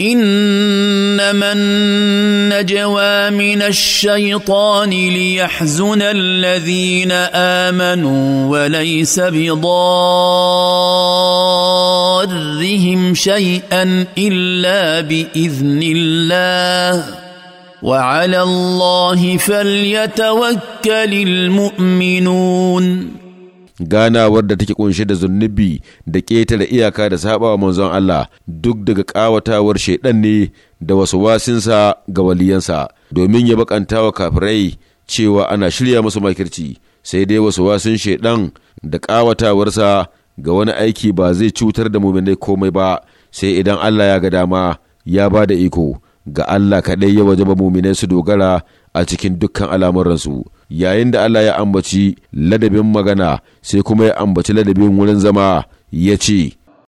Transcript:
انما النجوى من الشيطان ليحزن الذين امنوا وليس بضارهم شيئا الا باذن الله وعلى الله فليتوكل المؤمنون ganawar da take kunshe da zunubi da ƙetare iyaka da sabawa manzon Allah duk daga ƙawatawar shaidan ne da wasu wasinsa ga waliyansa domin ya bakanta wa kafirai cewa ana shirya musu makirci sai dai wasu wasin shaidan da ƙawatawarsa ga wani aiki ba zai cutar da muminai komai ba sai idan Allah ya ga dama ya ba da iko ga Allah kaɗai ya waje muminai su dogara a cikin dukkan al'amuransu yayin da Allah ya ambaci ladabin magana sai kuma ya ambaci ladabin wurin zama ya ce